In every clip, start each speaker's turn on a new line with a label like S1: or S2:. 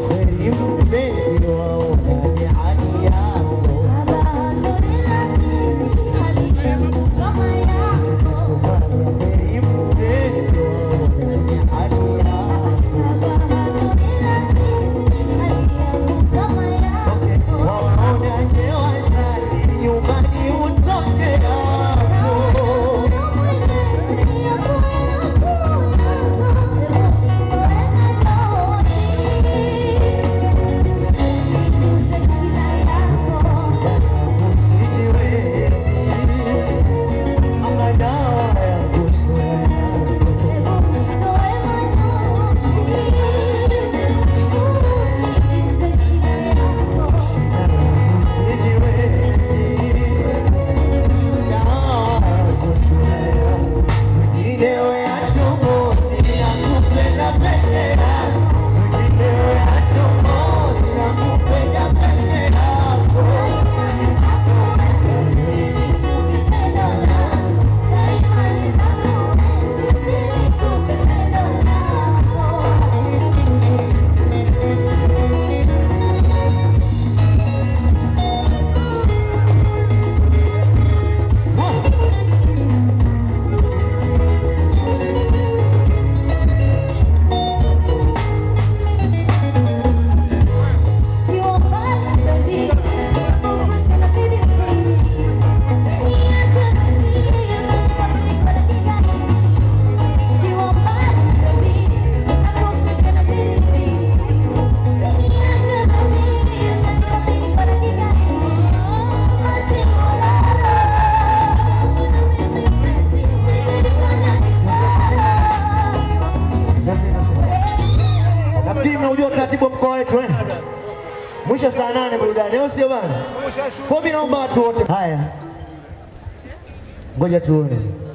S1: Querido bem.
S2: saa nane burudani, au sio bana? Kwa mimi naomba watu wote. Haya, ngoja tuone.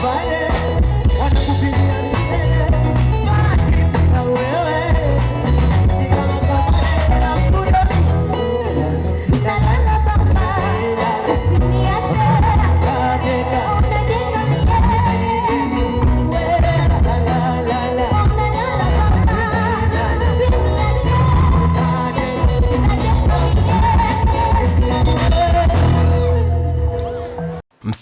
S1: find it.